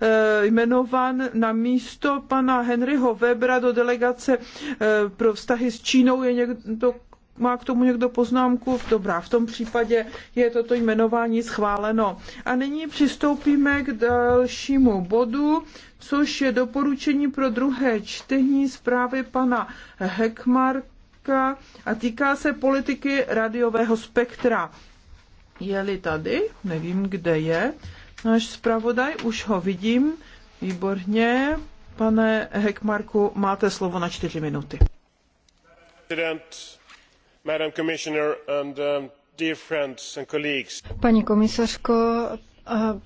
Eh, jmenován na místo pana Henryho Webera do delegace eh, pro vztahy s Čínou. Je někdo, má k tomu někdo poznámku? Dobrá, v tom případě je toto jmenování schváleno. A nyní přistoupíme k dalšímu bodu, což je doporučení pro druhé čtení zprávy pana Hekmarka a týká se politiky radiového spektra. Je-li tady, nevím, kde je, náš zpravodaj, už ho vidím, výborně. Pane Hekmarku, máte slovo na čtyři minuty. Um, paní komisařko,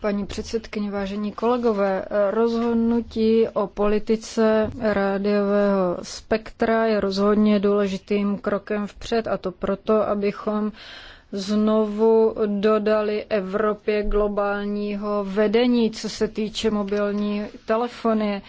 Paní předsedkyně, vážení kolegové, rozhodnutí o politice rádiového spektra je rozhodně důležitým krokem vpřed a to proto, abychom znovu dodali Evropě globálního vedení, co se týče mobilní telefonie.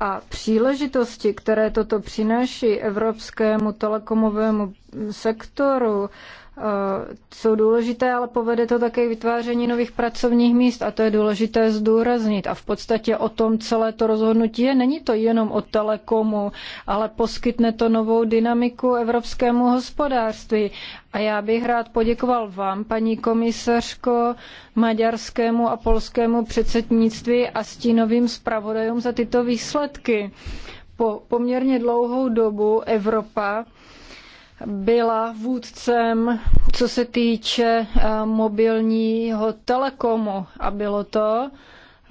A příležitosti, které toto přináší evropskému telekomovému sektoru, Eh, jsou důležité, ale povede to také k vytváření nových pracovních míst a to je důležité zdůraznit. A v podstatě o tom celé to rozhodnutí je. Není to jenom o telekomu, ale poskytne to novou dynamiku evropskému hospodářství. A já bych rád poděkoval vám, paní komisařko, maďarskému a polskému předsednictví a stínovým zpravodajům za tyto výsledky. Po poměrně dlouhou dobu Evropa byla vůdcem, co se týče eh, mobilního telekomu. A bylo to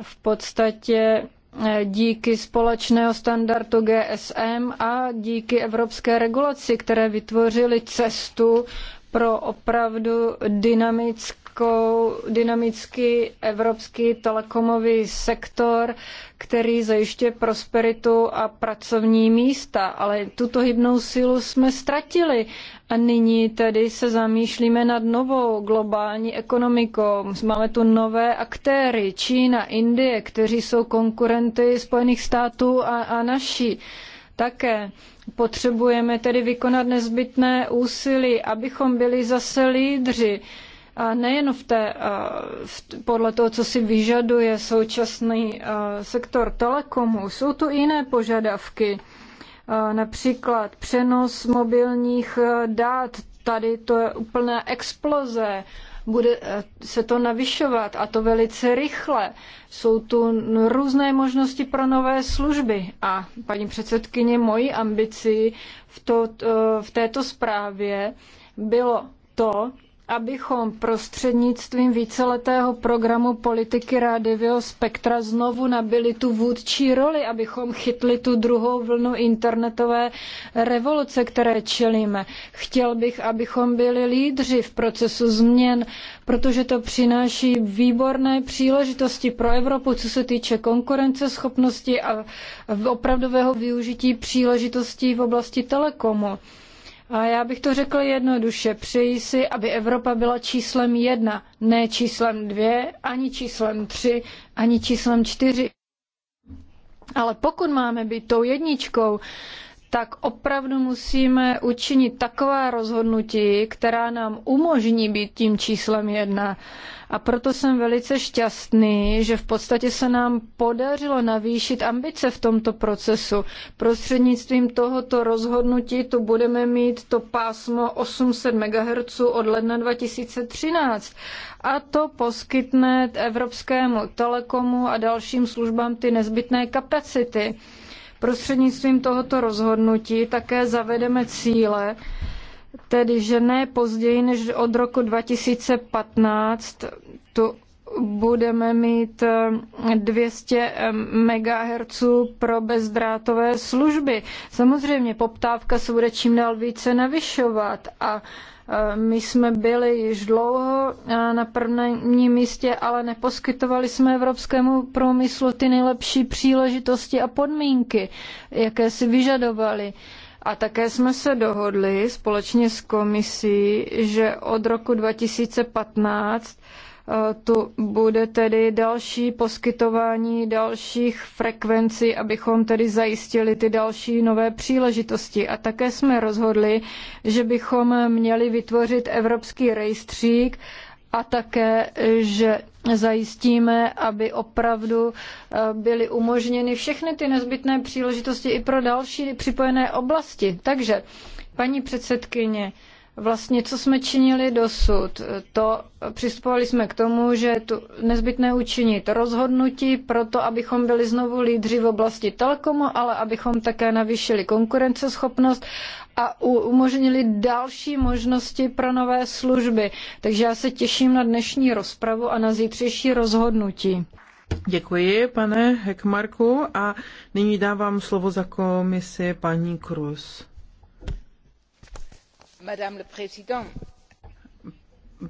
v podstatě eh, díky společného standardu GSM a díky evropské regulaci, které vytvořily cestu pro opravdu dynamický dynamickou, dynamický evropský telekomový sektor, který zajišťuje prosperitu a pracovní místa. Ale tuto hybnou sílu jsme ztratili a nyní tedy se zamýšlíme nad novou globální ekonomikou. Máme tu nové aktéry, Čína, Indie, kteří jsou konkurenty Spojených států a, a naší také. Potřebujeme tedy vykonat nezbytné úsilí, abychom byli zase lídři. A nejen v té, v, podle toho, co si vyžaduje současný sektor telekomu, jsou tu jiné požadavky, například přenos mobilních dát, tady to je úplná exploze, bude se to navyšovat a to velice rychle. Jsou tu různé možnosti pro nové služby a paní předsedkyně, mojí ambicí v, to, v této zprávě bylo to, abychom prostřednictvím víceletého programu politiky rádiového spektra znovu nabili tu vůdčí roli, abychom chytli tu druhou vlnu internetové revoluce, které čelíme. Chtěl bych, abychom byli lídři v procesu změn, protože to přináší výborné příležitosti pro Evropu, co se týče konkurenceschopnosti a opravdového využití příležitostí v oblasti telekomu. A já bych to řekl jednoduše. Přeji si, aby Evropa byla číslem jedna, ne číslem dvě, ani číslem tři, ani číslem čtyři. Ale pokud máme být tou jedničkou, tak opravdu musíme učinit taková rozhodnutí, která nám umožní být tím číslem jedna. A proto jsem velice šťastný, že v podstatě se nám podařilo navýšit ambice v tomto procesu. Prostřednictvím tohoto rozhodnutí tu budeme mít to pásmo 800 MHz od ledna 2013 a to poskytne Evropskému telekomu a dalším službám ty nezbytné kapacity. Prostřednictvím tohoto rozhodnutí také zavedeme cíle, tedy že ne později než od roku 2015 tu budeme mít 200 eh, eh, MHz pro bezdrátové služby. Samozřejmě poptávka se bude čím dál více navyšovat a eh, my jsme byli již dlouho na prvním místě, ale neposkytovali jsme evropskému průmyslu ty nejlepší příležitosti a podmínky, jaké si vyžadovali. A také jsme se dohodli společně s komisí, že od roku 2015 E, to bude tedy další poskytování dalších frekvencí, abychom tedy zajistili ty další nové příležitosti. A také jsme rozhodli, že bychom měli vytvořit evropský rejstřík, a také, že zajistíme, aby opravdu e, byly umožněny všechny ty nezbytné příležitosti i pro další připojené oblasti. Takže, paní předsedkyně, Vlastně, co jsme činili dosud, to přistupovali jsme k tomu, že je tu nezbytné učinit rozhodnutí pro to, abychom byli znovu lídři v oblasti telekomu, ale abychom také navýšili konkurenceschopnost a umožnili další možnosti pro nové služby. Takže já se těším na dnešní rozpravu a na zítřejší rozhodnutí. Děkuji, pane Hekmarku, a nyní dávám slovo za komisi paní Krus.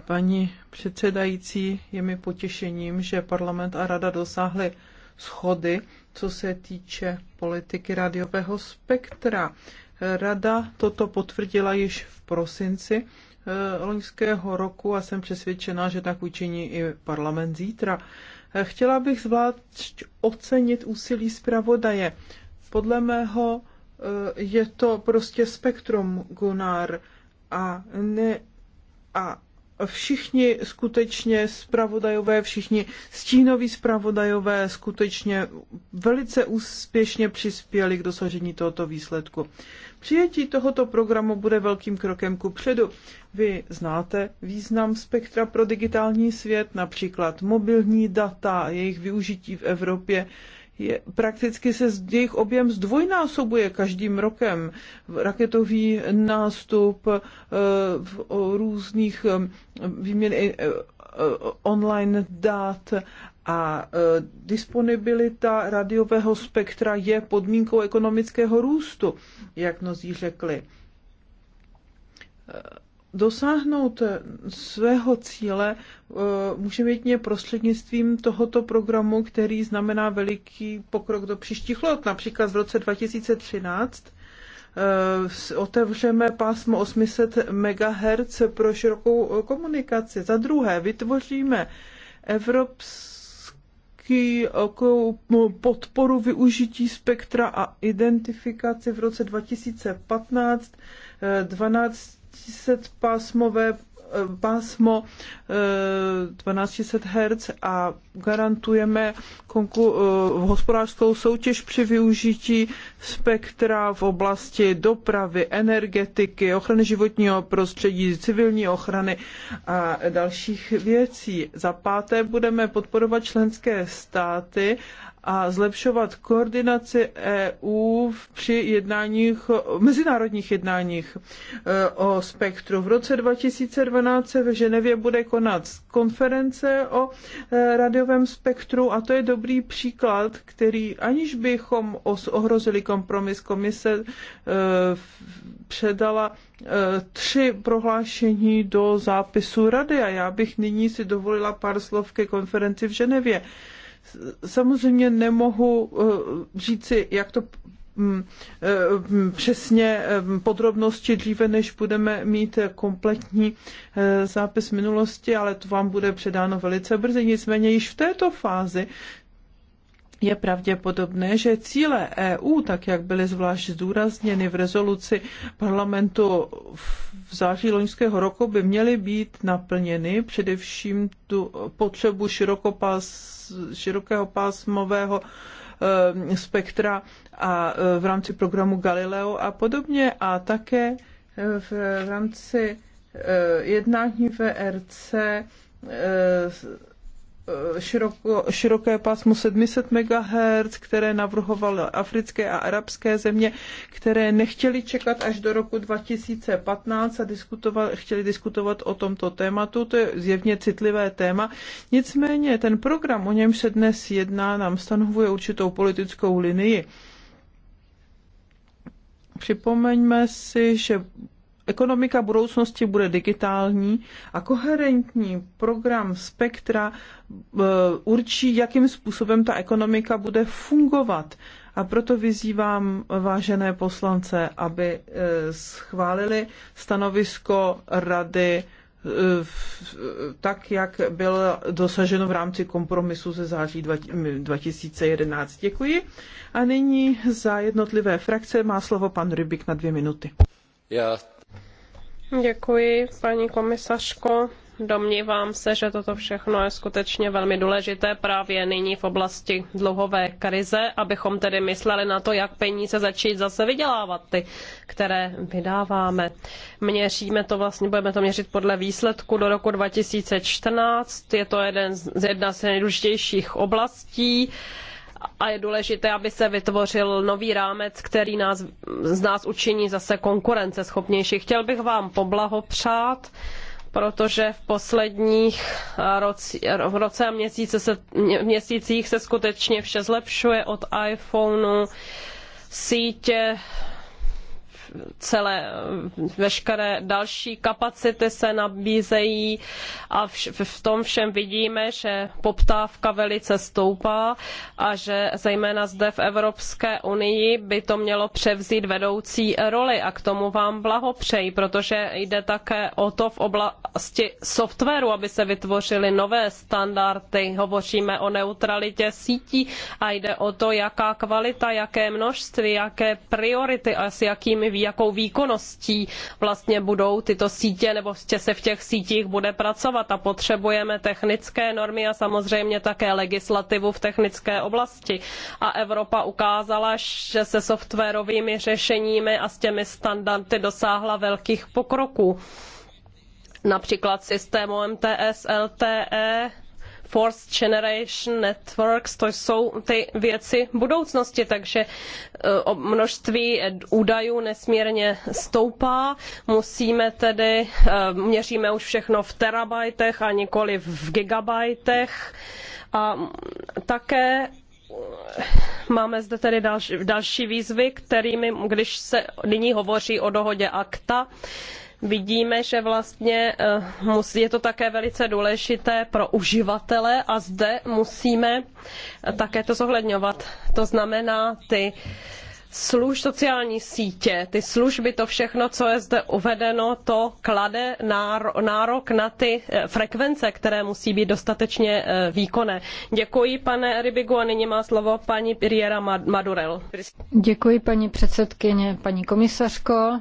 Paní předsedající, je mi potěšením, že parlament a rada dosáhly schody, co se týče politiky rádiového spektra. Rada toto potvrdila již v prosinci eh, loňského roku a jsem přesvědčena, že tak učiní i parlament zítra. Eh, chtěla bych zvlášť ocenit úsilí zpravodaje. Podle mého eh, je to prostě spektrum Gunnar a ne a všichni skutečně zpravodajové, všichni stínoví zpravodajové skutečně velice úspěšně přispěli k dosažení tohoto výsledku. Přijetí tohoto programu bude velkým krokem ku předu. Vy znáte význam spektra pro digitální svět, například mobilní data, jejich využití v Evropě je, prakticky se jejich objem zdvojnásobuje každým rokem. Raketový nástup eh, v různých eh, výměn eh, online dát a disponibilita radiového spektra je podmínkou ekonomického růstu, jak mnozí řekli dosáhnout svého cíle eh, být mě prostřednictvím tohoto programu, který znamená veliký pokrok do příštích let. Například v roce 2013 eh, otevřeme pásmo 800 MHz pro širokou eh, komunikaci. Za druhé vytvoříme evropský podporu využití spektra a identifikaci v roce 2015 12 1200 pásmové eh, pásmo 1200 eh, Hz a garantujeme konku- eh, hospodářskou soutěž při využití spektra v oblasti dopravy, energetiky, ochrany životního prostředí, civilní ochrany a dalších věcí. Za páté budeme podporovat členské státy a zlepšovat koordinaci EU při jednáních, mezinárodních jednáních e, o spektru. V roce 2012 se v Ženevě bude konat konference o e, radiovém spektru a to je dobrý příklad, který aniž bychom ohrozili kompromis komise, e, předala tři prohlášení do zápisu rady a já bych nyní si dovolila pár slov ke konferenci v Ženevě. Samozřejmě nemohu eh, říci, jak to mm, eh, přesně eh, podrobnosti dříve, než budeme mít kompletní zápis minulosti, ale to vám bude předáno velice brzy. Nicméně již v této fázi je pravděpodobné, že cíle EU, tak jak byly zvlášť zdůrazněny v rezoluci parlamentu v září loňského roku, by měly být naplněny především tu potřebu širokého pásmového ehm, spektra a e, v rámci programu Galileo a podobně a také e, v, rámci e, jednání VRC široko, široké pásmo 700 MHz, které navrhovaly africké a arabské země, které nechtěly čekat až do roku 2015 a diskutoval, chtěli diskutovat o tomto tématu. To je zjevně citlivé téma. Nicméně ten program, o něm se dnes jedná, nám stanovuje určitou politickou linii. Připomeňme si, že ekonomika budoucnosti bude digitální a koherentní program spektra e, určí, jakým způsobem ta ekonomika bude fungovat. A proto vyzývám vážené poslance, aby e, schválili stanovisko rady e, tak, jak bylo dosaženo v rámci kompromisu ze září 2011. Děkuji. A nyní za jednotlivé frakce má slovo pan Rybik na dvě minuty. Já Děkuji, paní komisařko. Domnívám se, že toto všechno je skutečně velmi důležité právě nyní v oblasti dluhové krize, abychom tedy mysleli na to, jak peníze začít zase vydělávat ty, které vydáváme. Měříme to vlastně, budeme to měřit podle výsledku do roku 2014. Je to jeden z, jedna z nejdůležitějších oblastí a je důležité, aby se vytvořil nový rámec, který nás, z nás učiní zase konkurenceschopnější. Chtěl bych vám poblahopřát protože v posledních eh, roci, eh, roce a měsíce se, měsících se skutečně vše zlepšuje od iPhoneu, sítě, celé, veškeré další kapacity se nabízejí a v, v tom všem vidíme, že poptávka velice stoupá a že zejména zde v Evropské unii by to mělo převzít vedoucí roli a k tomu vám blahopřeji, protože jde také o to v oblasti softwaru, aby se vytvořily nové standardy. Hovoříme o neutralitě sítí a jde o to, jaká kvalita, jaké množství, jaké priority a s jakými výrobky jakou výkonností vlastně budou tyto sítě nebo se v těch sítích bude pracovat a potřebujeme technické normy a samozřejmě také legislativu v technické oblasti. A Evropa ukázala, že se softwarovými řešeními a s těmi standardy dosáhla velkých pokroků. Například systému MTS, LTE, Fourth Generation Networks, to jsou ty věci budoucnosti, takže eh, množství údajů nesmírně stoupá. Musíme tedy, eh, měříme už všechno v terabajtech a nikoli v gigabajtech. A také eh, Máme zde tedy další, další výzvy, kterými, když se nyní hovoří o dohodě akta, vidíme, že vlastně eh, je to také velice důležité pro uživatele a zde musíme eh, také to zohledňovat. To znamená ty služ, sociální sítě, ty služby, to všechno, co je zde uvedeno, to klade nárok na ty eh, frekvence, které musí být dostatečně výkonné. Děkuji, pane Rybigu, a nyní má slovo paní Piriera Madurel. Děkuji, paní předsedkyně, paní komisařko.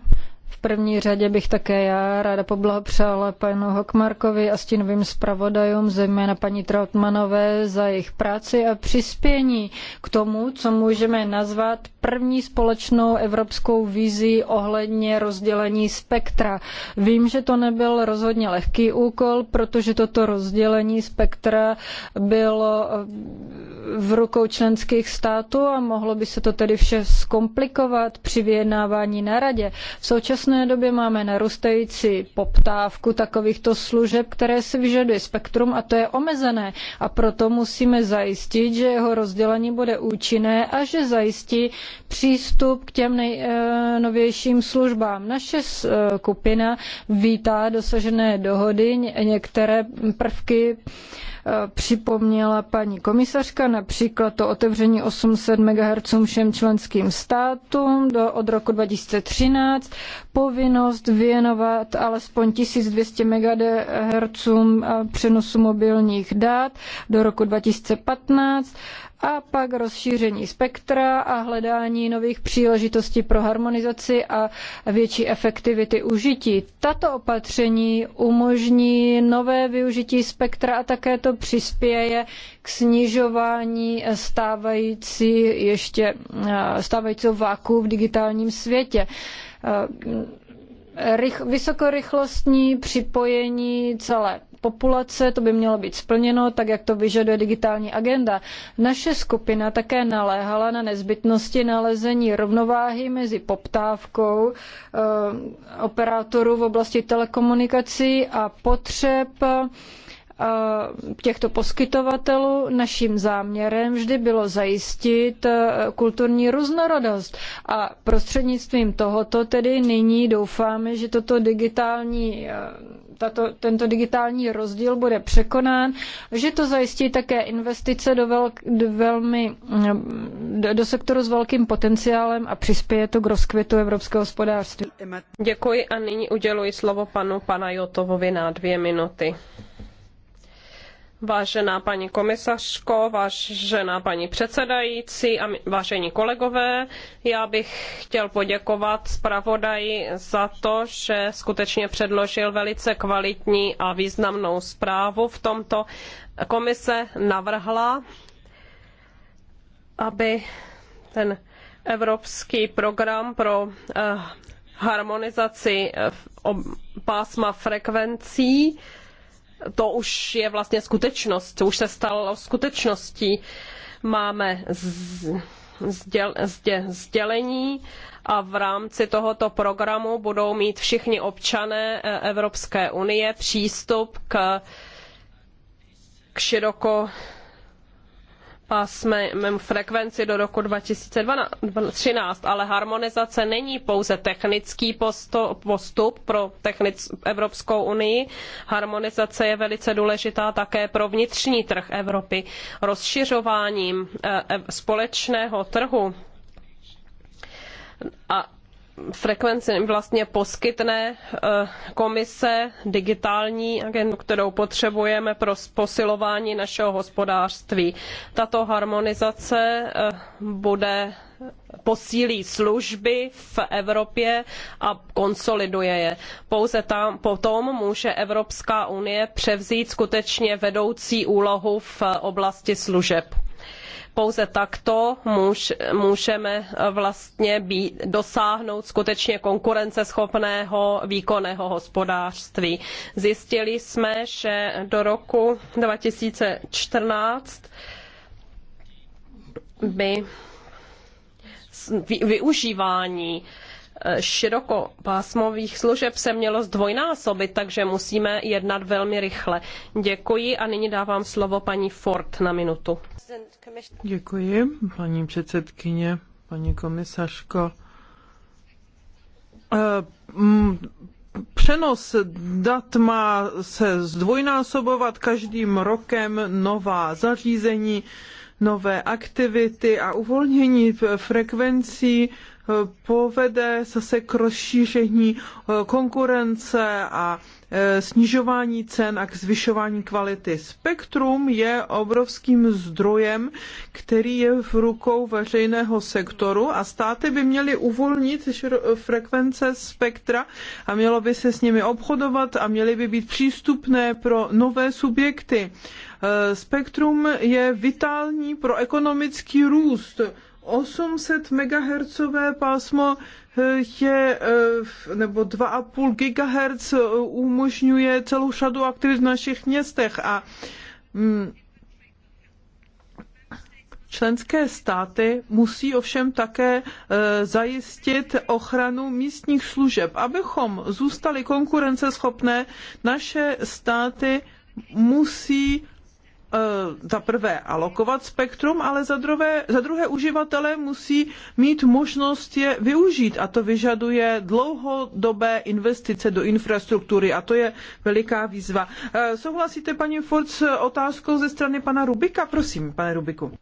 V první řadě bych také já ráda poblahopřála panu Hokmarkovi a stínovým zpravodajům, zejména paní Trautmanové, za jejich práci a přispění k tomu, co můžeme nazvat první společnou evropskou vizí ohledně rozdělení spektra. Vím, že to nebyl rozhodně lehký úkol, protože toto rozdělení spektra bylo eh, v rukou členských států a mohlo by se to tedy vše zkomplikovat při vyjednávání na radě. V současnosti současné době máme narůstající poptávku takovýchto služeb, které si vyžaduje spektrum a to je omezené. A proto musíme zajistit, že jeho rozdělení bude účinné a že zajistí přístup k těm nejnovějším eh, službám. Naše eh, skupina vítá dosažené dohody, některé prvky připomněla paní komisařka, například to otevření 800 MHz všem členským státům do, od roku 2013, povinnost věnovat alespoň 1200 MHz přenosu mobilních dat do roku 2015, a pak rozšíření spektra a hledání nových příležitostí pro harmonizaci a větší efektivity užití. Tato opatření umožní nové využití spektra a také to přispěje k snižování stávající ještě stávajícího váku v digitálním světě vysokorychlostní připojení celé populace, to by mělo být splněno, tak jak to vyžaduje digitální agenda. Naše skupina také naléhala na nezbytnosti nalezení rovnováhy mezi poptávkou eh, operátorů v oblasti telekomunikací a potřeb eh, těchto poskytovatelů naším záměrem vždy bylo zajistit eh, kulturní různorodost a prostřednictvím tohoto tedy nyní doufáme, že toto digitální tato, tento digitální rozdíl bude překonán, že to zajistí také investice do, velk, do, velmi, do, do sektoru s velkým potenciálem a přispěje to k rozkvětu evropského hospodářství. Děkuji a nyní uděluji slovo panu Panajotovovi na dvě minuty. Vážená paní komisařko, vážená paní předsedající a vážení kolegové, já bych chtěl poděkovat zpravodaji za to, že skutečně předložil velice kvalitní a významnou zprávu. V tomto komise navrhla, aby ten evropský program pro eh, harmonizaci eh, pásma frekvencí to už je vlastně skutečnost, to už se stalo skutečností. Máme sdělení a v rámci tohoto programu budou mít všichni občané e, Evropské unie přístup k, k široko pásmem frekvenci do roku 2013, ale harmonizace není pouze technický postup pro technic, Evropskou unii. Harmonizace je velice důležitá také pro vnitřní trh Evropy. Rozšiřováním eh, společného trhu a frekvenci vlastně poskytne eh, komise digitální agendu, kterou potřebujeme pro posilování našeho hospodářství. Tato harmonizace eh, bude posílí služby v Evropě a konsoliduje je. Pouze tam potom může Evropská unie převzít skutečně vedoucí úlohu v oblasti služeb pouze takto můžeme vlastně být, dosáhnout skutečně konkurenceschopného výkonného hospodářství. Zjistili jsme, že do roku 2014 by využívání širokopásmových služeb se mělo zdvojnásobit, takže musíme jednat velmi rychle. Děkuji a nyní dávám slovo paní Ford na minutu. Děkuji, paní předsedkyně, paní komisařko. Eh, mm, přenos dat má se zdvojnásobovat každým rokem nová zařízení, nové aktivity a uvolnění frekvencí povede zase k rozšíření eh, konkurence a eh, snižování cen a k zvyšování kvality. Spektrum je obrovským zdrojem, který je v rukou veřejného sektoru a státy by měly uvolnit frekvence spektra a mělo by se s nimi obchodovat a měly by být přístupné pro nové subjekty. Eh, spektrum je vitální pro ekonomický růst 800 MHz pásmo eh, je, eh, nebo 2,5 GHz eh, umožňuje celou šadu aktivit v našich městech a mm, Členské státy musí ovšem také zajistit ochranu místních služeb. Abychom zůstali konkurenceschopné, naše státy musí E, za prvé alokovat spektrum, ale za druhé, za druhé uživatelé musí mít možnost je využít a to vyžaduje dlouhodobé investice do infrastruktury a to je veliká výzva. E, souhlasíte, paní Ford, s otázkou ze strany pana Rubika? Prosím, pane Rubiku.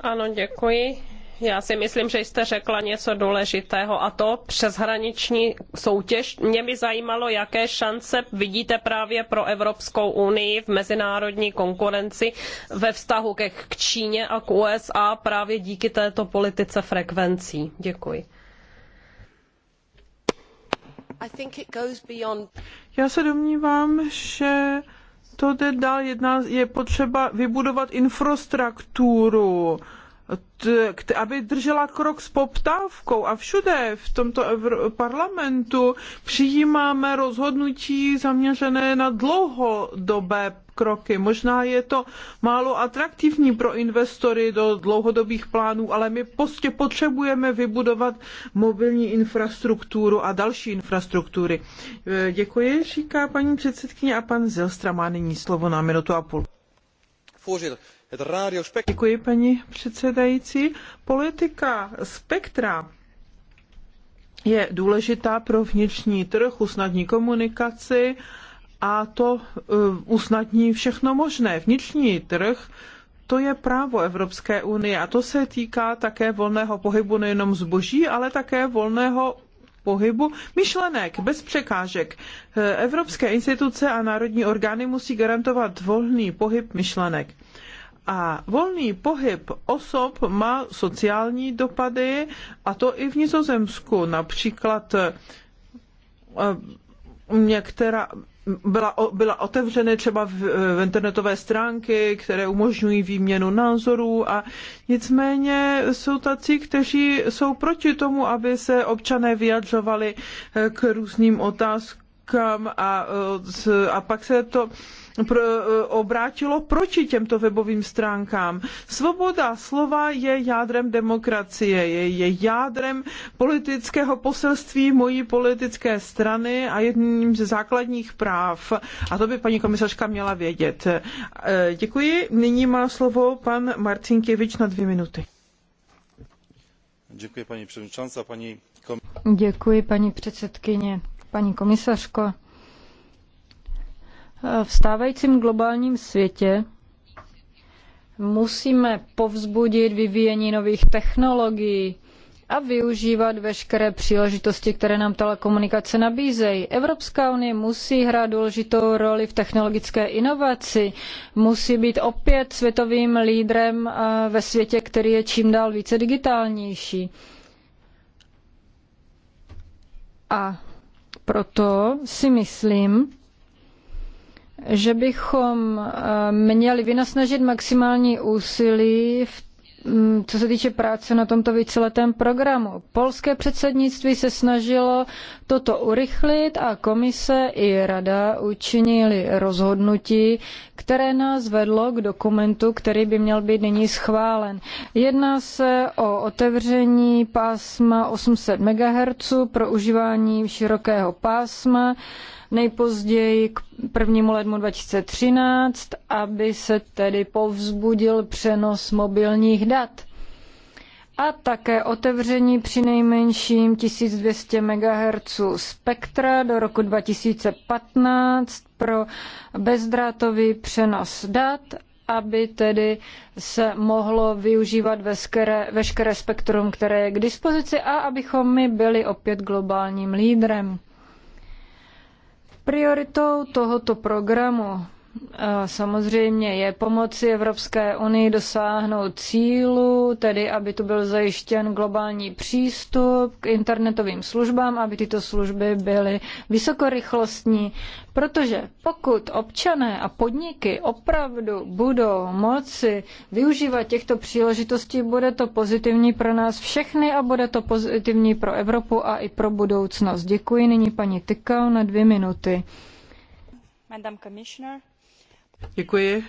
Ano, děkuji já si myslím, že jste řekla něco důležitého a to přeshraniční soutěž. Mě by zajímalo, jaké šance vidíte právě pro Evropskou unii v mezinárodní konkurenci ve vztahu ke, k Číně a k USA právě díky této politice frekvencí. Děkuji. Já se domnívám, že to jde dál. je potřeba vybudovat infrastrukturu aby držela krok s poptávkou a všude v tomto parlamentu přijímáme rozhodnutí zaměřené na dlouhodobé kroky. Možná je to málo atraktivní pro investory do dlouhodobých plánů, ale my prostě potřebujeme vybudovat mobilní infrastrukturu a další infrastruktury. E, děkuji, říká paní předsedkyně a pan Zelstra má nyní slovo na minutu a půl. Voorzitter, Děkuji, paní předsedající. Politika spektra je důležitá pro vnitřní trh, usnadní komunikaci a to eh, usnadní všechno možné. Vnitřní trh to je právo Evropské unie a to se týká také volného pohybu nejenom zboží, ale také volného pohybu myšlenek bez překážek. Eh, Evropské instituce a národní orgány musí garantovat volný pohyb myšlenek. A volný pohyb osob má sociální dopady, a to i v Nizozemsku. Například e, některá, byla, byla otevřeny třeba v, v internetové stránky, které umožňují výměnu názorů a nicméně jsou tací, kteří jsou proti tomu, aby se občané vyjadřovali e, k různým otázkám kam a, eh, a pak se to pro, eh, obrátilo proti těmto webovým stránkám. Svoboda slova je jádrem demokracie, je, je jádrem politického poselství mojí politické strany a jedním ze základních práv. A to by paní komisařka měla vědět. Eh, děkuji. Nyní má slovo pan Marcinkiewicz na dvě minuty. Děkuji, paní předsedkyně. Děkuji, paní předsedkyně paní komisařko. V stávajícím globálním světě musíme povzbudit vyvíjení nových technologií a využívat veškeré příležitosti, které nám telekomunikace nabízejí. Evropská unie musí hrát důležitou roli v technologické inovaci, musí být opět světovým lídrem eh, ve světě, který je čím dál více digitálnější. A proto si myslím, že bychom eh, měli vynasnažit maximální úsilí v Mm, co se týče práce na tomto víceletém programu. Polské předsednictví se snažilo toto urychlit a komise i rada učinili rozhodnutí, které nás vedlo k dokumentu, který by měl být nyní schválen. Jedná se o otevření pásma 800 MHz pro užívání širokého pásma nejpozději k 1. lednu 2013, aby se tedy povzbudil přenos mobilních dat a také otevření při nejmenším 1200 MHz spektra do roku 2015 pro bezdrátový přenos dat, aby tedy se mohlo využívat veškeré, veškeré spektrum, které je k dispozici a abychom my byli opět globálním lídrem. Prioritou tohoto programu samozřejmě je pomoci Evropské unii dosáhnout cílu, tedy aby tu byl zajištěn globální přístup k internetovým službám, aby tyto služby byly vysokorychlostní, protože pokud občané a podniky opravdu budou moci využívat těchto příležitostí, bude to pozitivní pro nás všechny a bude to pozitivní pro Evropu a i pro budoucnost. Děkuji nyní paní Tykal na dvě minuty. Madam Commissioner, Děkuji.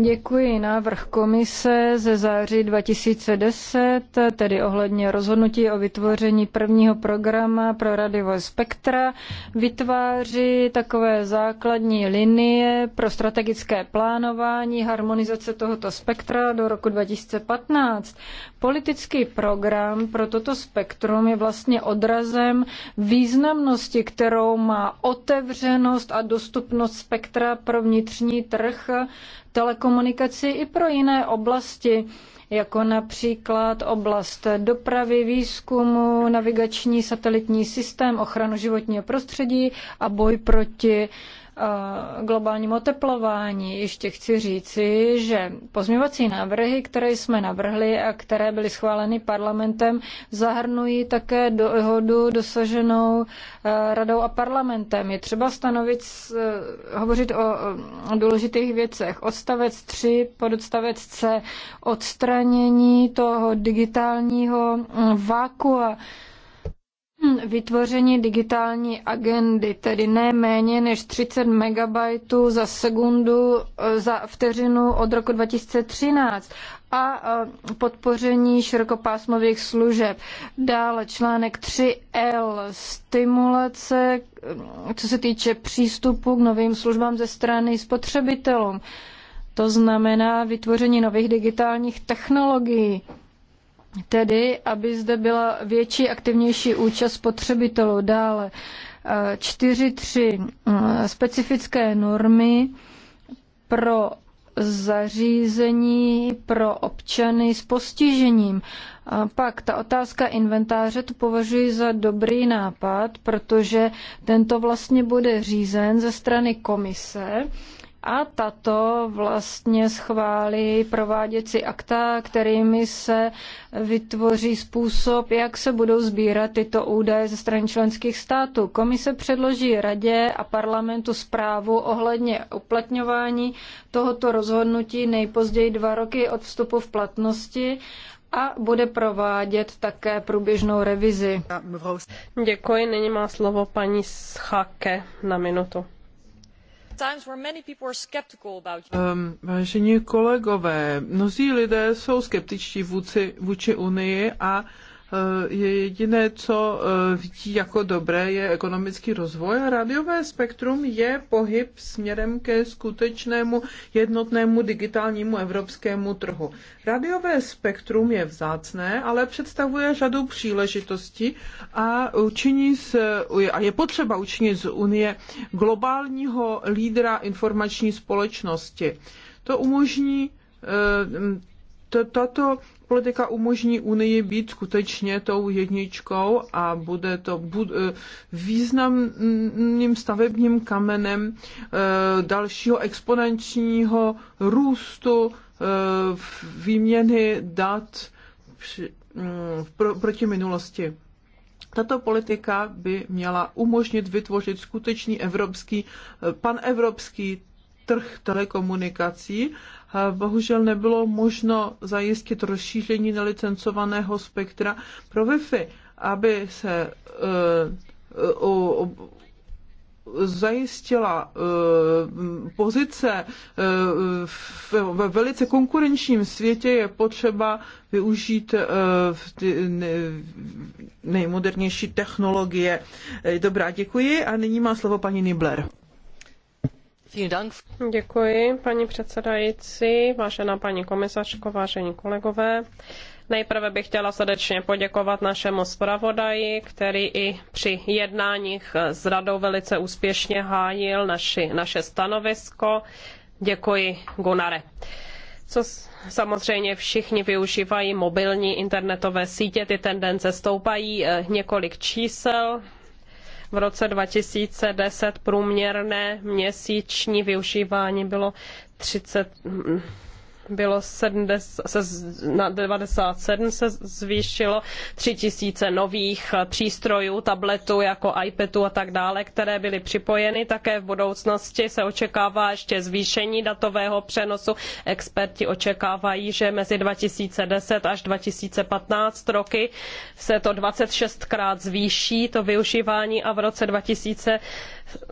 Děkuji. Návrh komise ze září 2010, tedy ohledně rozhodnutí o vytvoření prvního programa pro radiové spektra, vytváří takové základní linie pro strategické plánování harmonizace tohoto spektra do roku 2015. Politický program pro toto spektrum je vlastně odrazem významnosti, kterou má otevřenost a dostupnost spektra pro vnitřní trh telekomunikaci i pro jiné oblasti, jako například oblast dopravy, výzkumu, navigační satelitní systém, ochranu životního prostředí a boj proti uh, Eh, globálním oteplování. Ještě chci říci, že pozměvací návrhy, které jsme navrhli a které byly schváleny parlamentem, zahrnují také dohodu dosaženou eh, radou a parlamentem. Je třeba stanovit, eh, hovořit o důležitých věcech. Odstavec 3, pododstavec C, odstranění toho digitálního mm, vákua, vytvoření digitální agendy, tedy ne méně než 30 megabajtů za sekundu eh, za vteřinu od roku 2013 a eh, podpoření širokopásmových služeb. Dále článek 3L, stimulace, eh, co se týče přístupu k novým službám ze strany spotřebitelům. To znamená vytvoření nových digitálních technologií Tedy, aby zde byla větší, aktivnější účast spotřebitelů. Dále tři mm, Specifické normy pro zařízení pro občany s postižením. A pak ta otázka inventáře to považuji za dobrý nápad, protože tento vlastně bude řízen ze strany komise a tato vlastně schválí prováděcí akta, kterými se vytvoří způsob, jak se budou sbírat tyto údaje ze strany členských států. Komise předloží radě a parlamentu zprávu ohledně uplatňování tohoto rozhodnutí nejpozději dva roky od vstupu v platnosti a bude provádět také průběžnou revizi. Děkuji, nyní má slovo paní Schake na minutu. Ehm, vážení kolegové, mnozí lidé jsou skeptičtí vůči Unii a je eh, jediné, co eh, vidí jako dobré, je ekonomický rozvoj a rádiové spektrum je pohyb směrem ke skutečnému jednotnému digitálnímu evropskému trhu. Rádiové spektrum je vzácné, ale představuje řadu příležitostí a, učiní z, a je potřeba učinit z Unie globálního lídra informační společnosti. To umožní eh, tato politika umožní Unii být skutečně tou jedničkou a bude to bud, eh, významným stavebním kamenem eh, dalšího exponenčního růstu eh, výměny dat při, mm, pro, proti minulosti. Tato politika by měla umožnit vytvořit skutečný evropský, panevropský trh telekomunikací. Bohužel nebylo možno zajistit rozšíření nelicencovaného spektra pro Wi-Fi, aby se e, e, zajistila e, pozice ve velice konkurenčním světě, je potřeba využít nejmodernější technologie. Dobrá, děkuji a nyní má slovo paní Nibler. Děkuji, paní předsedající, vážená paní komisařko, vážení kolegové. Nejprve bych chtěla srdečně poděkovat našemu zpravodaji, který i při jednáních s radou velice úspěšně hájil naši, naše stanovisko. Děkuji, Gunare. Co samozřejmě všichni využívají mobilní internetové sítě, ty tendence stoupají eh, několik čísel. V roce 2010 průměrné měsíční využívání bylo 30 bylo 70, se, na 97 se zvýšilo 3000 nových eh, přístrojů, tabletů jako iPadu a tak dále, které byly připojeny. Také v budoucnosti se očekává ještě zvýšení datového přenosu. Experti očekávají, že mezi 2010 až 2015 roky se to 26krát zvýší, to využívání a v roce 2000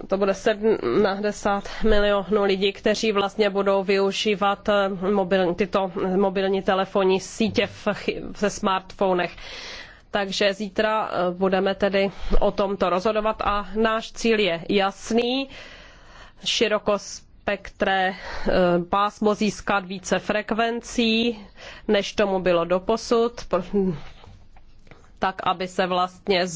to bude 70 milionů lidí, kteří vlastně budou využívat eh, tyto mobilní telefonní sítě v, ve smartfonech. Takže zítra eh, budeme tedy o tomto rozhodovat a náš cíl je jasný, široko eh, pásmo získat více frekvencí, než tomu bylo doposud tak aby se vlastně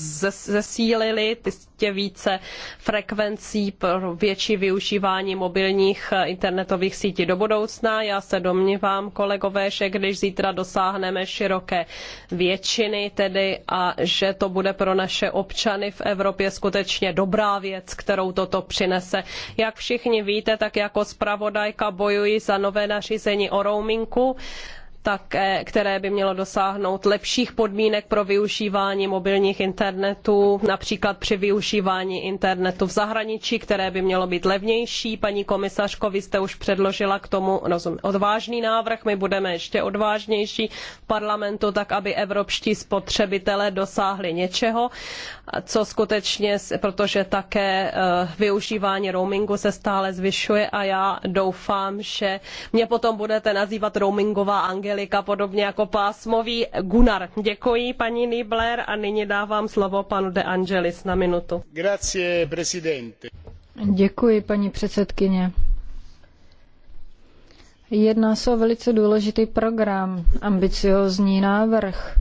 zesílily tě více frekvencí pro větší využívání mobilních eh, internetových sítí do budoucna. Já se domnívám, kolegové, že když zítra dosáhneme široké většiny tedy a že to bude pro naše občany v Evropě skutečně dobrá věc, kterou toto přinese. Jak všichni víte, tak jako zpravodajka bojuji za nové nařízení o roamingu také, které by mělo dosáhnout lepších podmínek pro využívání mobilních internetů, například při využívání internetu v zahraničí, které by mělo být levnější. Paní komisařko, vy jste už předložila k tomu rozum, odvážný návrh, my budeme ještě odvážnější v parlamentu, tak aby evropští spotřebitelé dosáhli něčeho co skutečně, protože také eh, využívání roamingu se stále zvyšuje a já doufám, že mě potom budete nazývat roamingová Angelika, podobně jako pásmový Gunnar. Děkuji paní Nibler a nyní dávám slovo panu De Angelis na minutu. Grazie, presidente. Děkuji, paní předsedkyně. Jedná se o velice důležitý program, ambiciózní návrh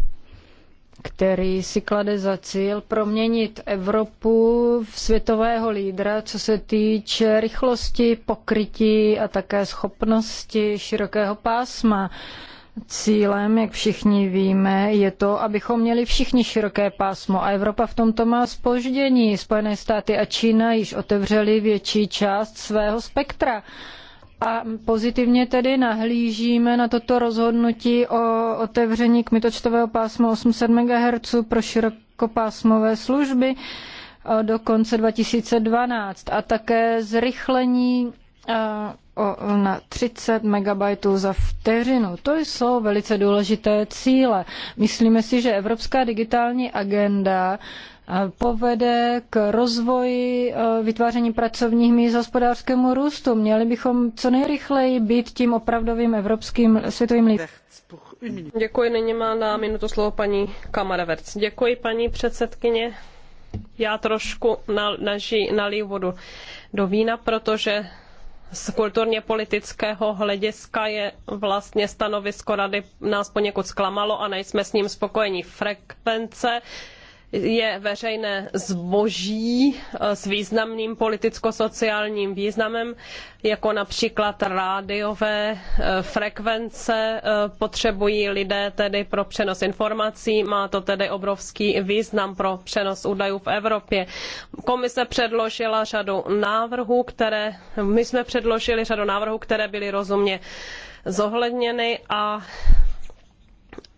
který si klade za cíl proměnit Evropu v světového lídra, co se týče rychlosti, pokrytí a také schopnosti širokého pásma. Cílem, jak všichni víme, je to, abychom měli všichni široké pásmo a Evropa v tomto má spoždění. Spojené státy a Čína již otevřely větší část svého spektra. A pozitivně tedy nahlížíme na toto rozhodnutí o otevření kmitočtového pásma 800 MHz pro širokopásmové služby do konce 2012 a také zrychlení na 30 MB za vteřinu. To jsou velice důležité cíle. Myslíme si, že Evropská digitální agenda povede k rozvoji e, vytváření pracovních míst hospodářskému růstu. Měli bychom co nejrychleji být tím opravdovým evropským světovým lídrem. Děkuji, nyní má na minutu slovo paní Kamaraverc. Děkuji, paní předsedkyně. Já trošku naží, naliju vodu do vína, protože z kulturně politického hlediska je vlastně stanovisko rady nás poněkud zklamalo a nejsme s ním spokojeni. Frekvence je veřejné zboží eh, s významným politicko-sociálním významem, jako například rádiové eh, frekvence eh, potřebují lidé tedy pro přenos informací. Má to tedy obrovský význam pro přenos údajů v Evropě. Komise předložila řadu návrhů, které my jsme předložili řadu návrhů, které byly rozumně zohledněny a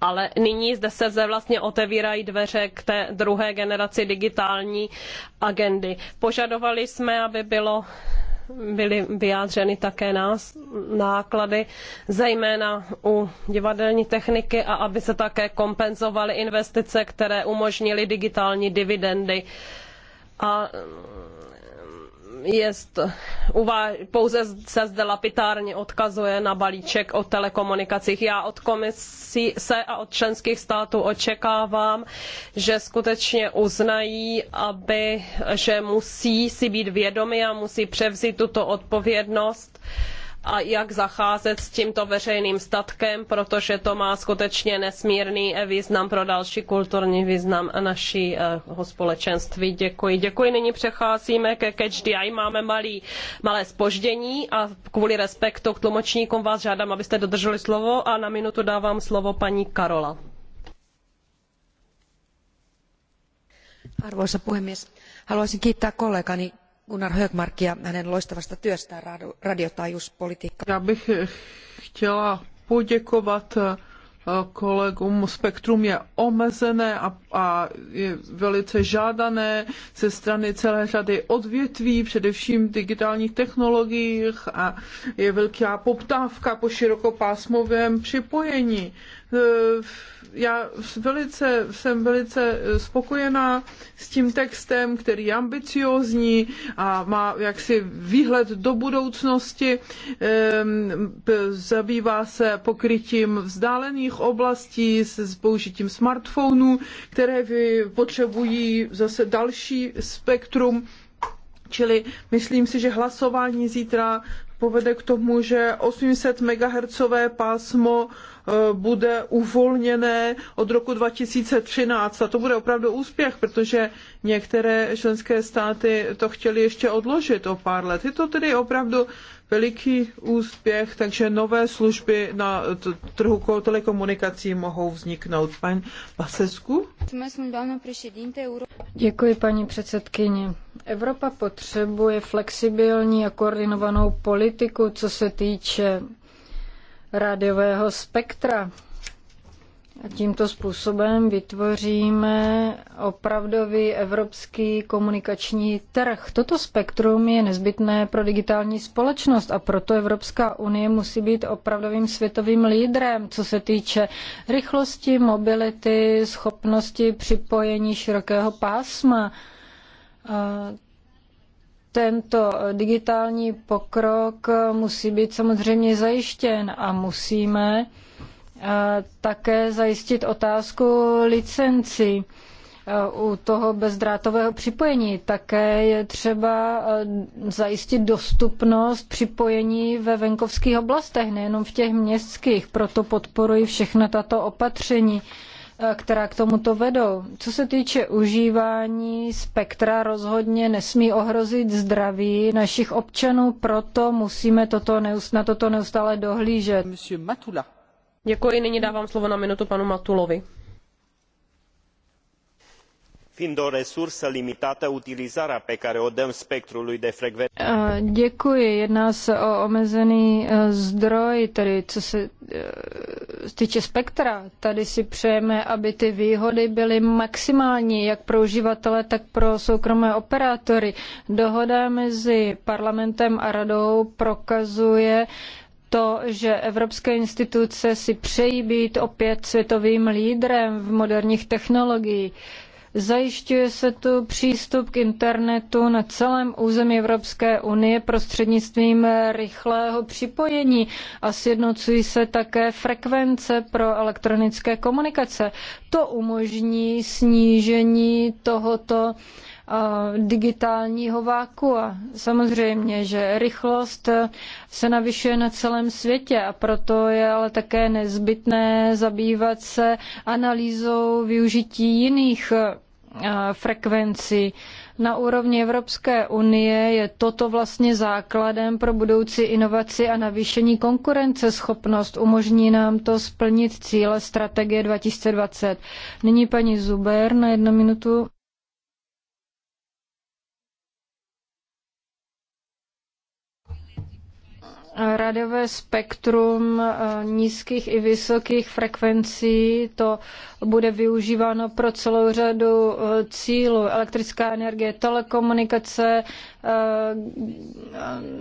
ale nyní zde se vlastně otevírají dveře k té druhé generaci digitální agendy. Požadovali jsme, aby bylo byly vyjádřeny také nás, náklady, zejména u divadelní techniky a aby se také kompenzovaly investice, které umožnily digitální dividendy. A je pouze se zde lapitárně odkazuje na balíček o telekomunikacích. Já od komise a od členských států očekávám, že skutečně uznají, aby, že musí si být vědomi a musí převzít tuto odpovědnost. Uh, a jak zacházet s tímto veřejným statkem, protože to má skutečně nesmírný význam pro další kulturní význam našího eh, společenství. Děkuji. Děkuji. Nyní přecházíme ke Catch DI. Máme malý, malé spoždění a kvůli respektu k tlumočníkům vás žádám, abyste dodrželi slovo a na minutu dávám slovo paní Karola. Arvoisa puhemies, haluaisin kiittää kollegani gunnar hökmarkia hänen loistavasta työstään radiotaajuuspolitiikkaan. já bych chtěla poděkovat eh, kolegům. Spektrum je omezené a, a je velice žádané ze strany celé řady odvětví, především v digitálních technologiích a je velká poptávka po širokopásmovém připojení. Eh, já velice, jsem velice spokojená s tím textem, který je ambiciózní a má jaksi výhled do budoucnosti, eh, zabývá se pokrytím vzdálených oblastí s použitím smartphonů, které potřebují zase další spektrum Čili myslím si, že hlasování zítra povede k tomu, že 800 MHz pásmo e, bude uvolněné od roku 2013. A to bude opravdu úspěch, protože některé členské státy to chtěly ještě odložit o pár let. Je to tedy opravdu veliký úspěch, takže nové služby na trhu telekomunikací mohou vzniknout. Pan Basescu? Děkuji, paní předsedkyně. Evropa potřebuje flexibilní a koordinovanou politiku, co se týče rádiového spektra Tímto způsobem vytvoříme opravdový evropský komunikační trh. Toto spektrum je nezbytné pro digitální společnost a proto Evropská unie musí být opravdovým světovým lídrem, co se týče rychlosti, mobility, schopnosti připojení širokého pásma. Tento digitální pokrok musí být samozřejmě zajištěn a musíme a také zajistit otázku licencí e, u toho bezdrátového připojení. Také je třeba e, zajistit dostupnost připojení ve venkovských oblastech, nejenom v těch městských. Proto podporuji všechna tato opatření e, která k tomuto vedou. Co se týče užívání spektra, rozhodně nesmí ohrozit zdraví našich občanů, proto musíme toto neustále, na toto neustále dohlížet. Monsieur Matula. Děkuji, nyní dávám slovo na minutu panu Matulovi. Fiind o resursă limitată, utilizarea pe care o dăm spectrului de frecvențe. Děkuji. Jedná se o omezený e, zdroj, tedy e, co se týče spektra. Tady si přejeme, aby ty výhody byly maximální, jak pro uživatele, tak pro soukromé operátory. Dohoda mezi parlamentem a radou prokazuje, to, že evropské instituce si přejí být opět světovým lídrem v moderních technologiích. Zajišťuje se tu přístup k internetu na celém území Evropské unie prostřednictvím rychlého připojení a sjednocují se také frekvence pro elektronické komunikace. To umožní snížení tohoto uh, digitálního a Samozřejmě, že rychlost se navyšuje na celém světě a proto je ale také nezbytné zabývat se analýzou využití jiných frekvencí. Na úrovni Evropské unie je toto vlastně základem pro budoucí inovaci a navýšení konkurenceschopnost. Umožní nám to splnit cíle strategie 2020. Nyní paní Zuber na jednu minutu. radové spektrum eh, nízkých i vysokých frekvencí, to bude využíváno pro celou řadu eh, cílů. Elektrická energie, telekomunikace, Eh,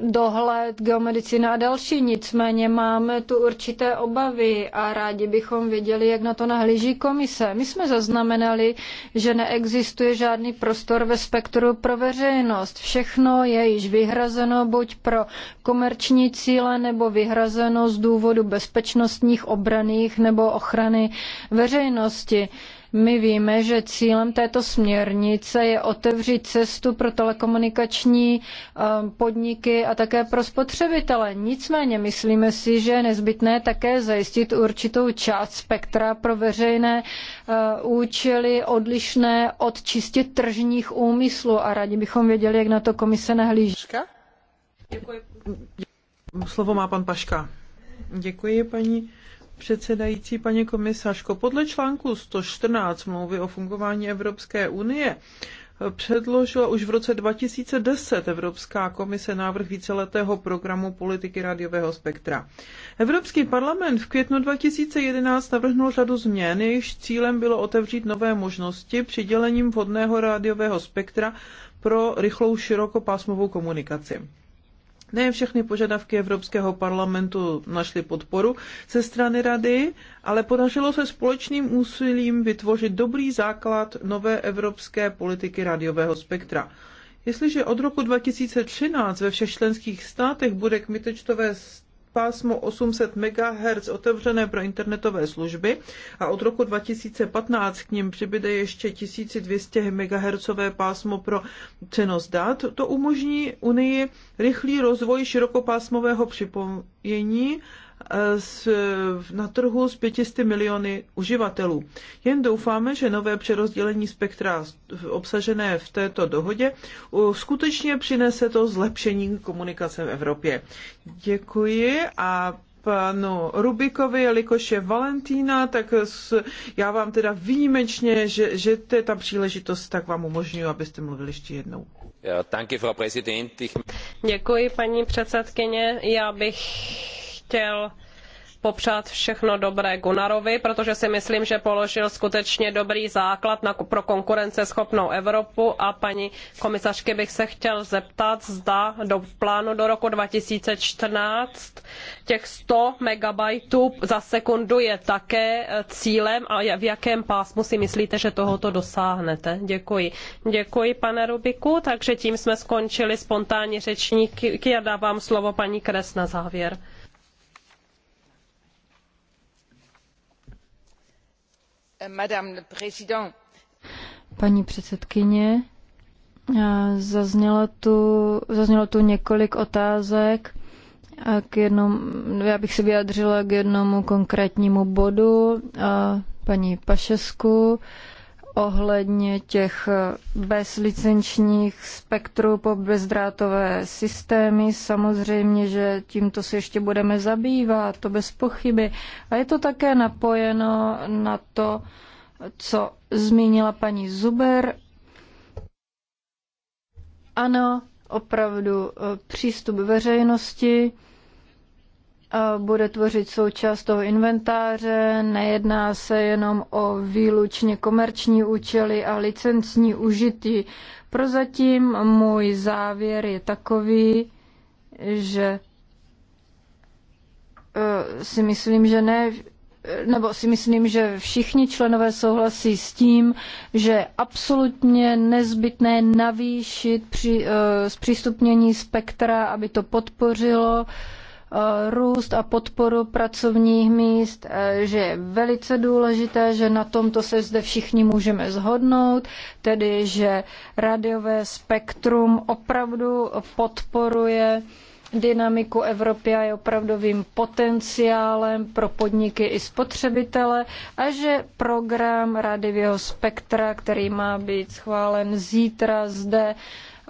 dohled, geomedicina a další. Nicméně máme tu určité obavy a rádi bychom věděli, jak na to nahlíží komise. My jsme zaznamenali, že neexistuje žádný prostor ve spektru pro veřejnost. Všechno je již vyhrazeno buď pro komerční cíle nebo vyhrazeno z důvodu bezpečnostních, obraných nebo ochrany veřejnosti. My víme, že cílem této směrnice je otevřít cestu pro telekomunikační eh, podniky a také pro spotřebitele. Nicméně myslíme si, že je nezbytné také zajistit určitou část spektra pro veřejné eh, účely odlišné od čistě tržních úmyslů a rádi bychom věděli, jak na to komise nahlíží. Děkuji. Slovo má pan Paška. Děkuji, paní předsedající paní komisařko. Podle článku 114 mluvy o fungování Evropské unie předložila už v roce 2010 Evropská komise návrh víceletého programu politiky rádiového spektra. Evropský parlament v květnu 2011 navrhnul řadu změn, jejichž cílem bylo otevřít nové možnosti přidělením vhodného rádiového spektra pro rychlou širokopásmovou komunikaci. Ne všechny požadavky Evropského parlamentu našly podporu ze strany Rady, ale podařilo se společným úsilím vytvořit dobrý základ nové evropské politiky rádiového spektra. Jestliže od roku 2013 ve všech členských státech bude kmitečtové pásmo 800 MHz otevřené pro internetové služby a od roku 2015 k ním přibude ještě 1200 MHz pásmo pro přenos dat. To umožní Unii rychlý rozvoj širokopásmového připojení Eh, s, na trhu s 500 miliony uživatelů. Jen doufáme, že nové přerozdělení spektra obsažené v této dohodě eh, skutečně přinese to zlepšení komunikace v Evropě. Děkuji a panu Rubikovi, jelikož je Valentína, tak s, já vám teda výjimečně, že, že to je ta příležitost, tak vám umožňuji, abyste mluvili ještě jednou. Děkuji, paní předsedkyně. Já bych chtěl popřát všechno dobré Gunarovi, protože si myslím, že položil skutečně dobrý základ na, pro konkurenceschopnou Evropu a paní komisařky bych se chtěl zeptat, zda do plánu do roku 2014 těch 100 megabajtů za sekundu je také eh, cílem a v jakém pásmu si myslíte, že tohoto dosáhnete. Děkuji. Děkuji, pane Rubiku, takže tím jsme skončili spontánní řečníky a dávám slovo paní Kres na závěr. Paní předsedkyně, eh, zaznělo tu, zaznělo tu několik otázek. A eh, k jednom, já bych se vyjádřila k jednomu konkrétnímu bodu a eh, paní Pašesku ohledně těch bezlicenčních spektrů po bezdrátové systémy. Samozřejmě, že tímto se ještě budeme zabývat, to bez pochyby. A je to také napojeno na to, co zmínila paní Zuber. Ano, opravdu eh, přístup veřejnosti bude tvořit součást toho inventáře. Nejedná se jenom o výlučně komerční účely a licenční užití. Prozatím můj závěr je takový, že e, si myslím, že ne, nebo si myslím, že všichni členové souhlasí s tím, že je absolutně nezbytné navýšit při, e, zpřístupnění spektra, aby to podpořilo uh, Eh, růst a podporu pracovních míst, eh, že je velice důležité, že na tomto se zde všichni můžeme zhodnout, tedy že radiové spektrum opravdu podporuje dynamiku Evropy a je opravdovým potenciálem pro podniky i spotřebitele a že program rádiového spektra, který má být schválen zítra zde,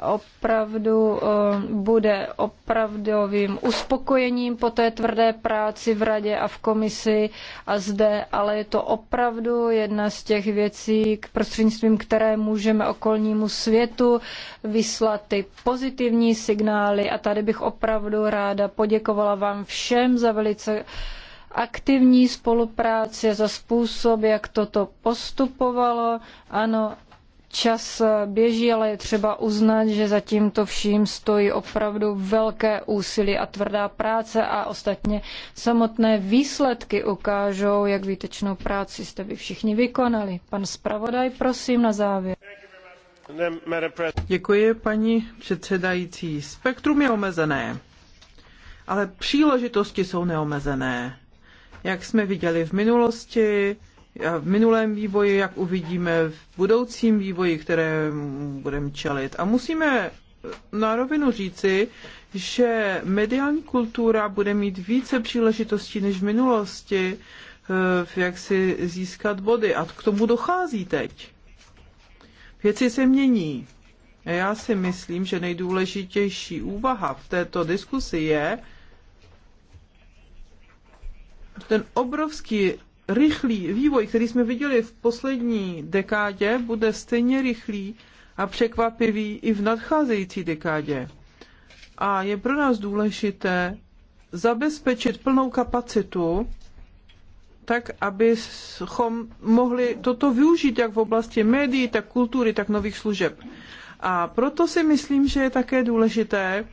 opravdu eh, bude opravdovým uspokojením po té tvrdé práci v radě a v komisi a zde, ale je to opravdu jedna z těch věcí, k prostřednictvím které můžeme okolnímu světu vyslat ty pozitivní signály a tady bych opravdu ráda poděkovala vám všem za velice aktivní spolupráci, za způsob, jak toto postupovalo. Ano, Čas běží, ale je třeba uznat, že za tímto vším stojí opravdu velké úsilí a tvrdá práce a ostatně samotné výsledky ukážou, jak výtečnou práci jste vy všichni vykonali. Pan zpravodaj, prosím na závěr. Děkuji, paní předsedající. Spektrum je omezené, ale příležitosti jsou neomezené. Jak jsme viděli v minulosti, v minulém vývoji, jak uvidíme v budoucím vývoji, které budeme čelit. A musíme na rovinu říci, že mediální kultura bude mít více příležitostí než v minulosti, eh, jak si získat body. A k tomu dochází teď. Věci se mění. A já si myslím, že nejdůležitější úvaha v této diskusi je ten obrovský rychlý vývoj, který jsme viděli v poslední dekádě, bude stejně rychlý a překvapivý i v nadcházející dekádě. A je pro nás důležité zabezpečit plnou kapacitu, tak abychom mohli toto využít jak v oblasti médií, tak kultury, tak nových služeb. A proto si myslím, že je také důležité,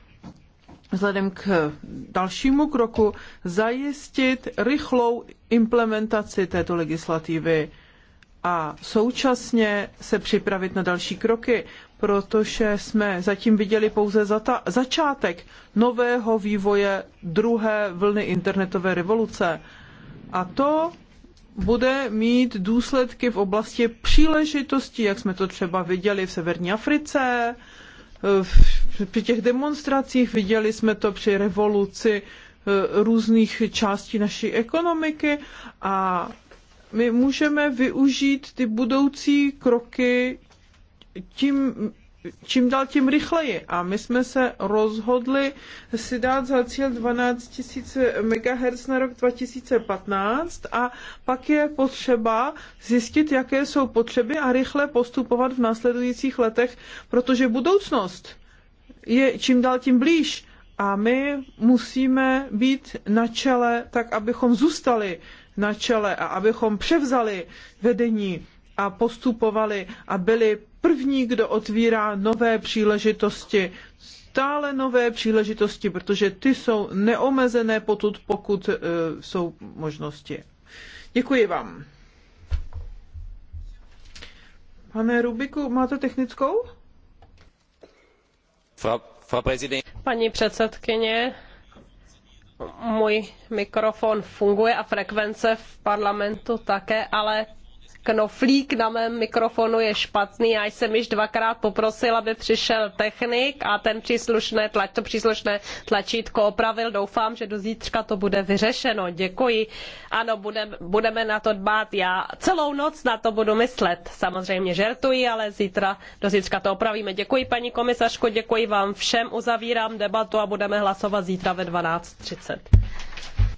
vzhledem k dalšímu kroku zajistit rychlou implementaci této legislativy a současně se připravit na další kroky, protože jsme zatím viděli pouze začátek nového vývoje druhé vlny internetové revoluce. A to bude mít důsledky v oblasti příležitostí, jak jsme to třeba viděli v Severní Africe, v, při těch demonstracích, viděli jsme to při revoluci Eh, různých částí naší ekonomiky a my můžeme využít ty budoucí kroky tím čím dál tím rychleji. A my jsme se rozhodli si dát za cíl 12 000 MHz na rok 2015 a pak je potřeba zjistit, jaké jsou potřeby a rychle postupovat v následujících letech, protože budoucnost je čím dál tím blíž a my musíme být na čele, tak abychom zůstali na čele a abychom převzali vedení a postupovali a byli první, kdo otvírá nové příležitosti, stále nové příležitosti, protože ty jsou neomezené potud, pokud uh, jsou možnosti. Děkuji vám. Pane Rubiku, máte technickou? Frau Paní předsedkyně, můj mikrofon funguje a frekvence v parlamentu také, ale knoflík na mém mikrofonu je špatný. Já jsem již dvakrát poprosil, aby přišel technik a ten příslušné tlač, to příslušné tlačítko opravil. Doufám, že do zítřka to bude vyřešeno. Děkuji. Ano, budeme, budeme na to dbát. Já celou noc na to budu myslet. Samozřejmě žertuji, ale zítra do zítřka to opravíme. Děkuji, paní komisařko, děkuji vám všem. Uzavírám debatu a budeme hlasovat zítra ve 12.30.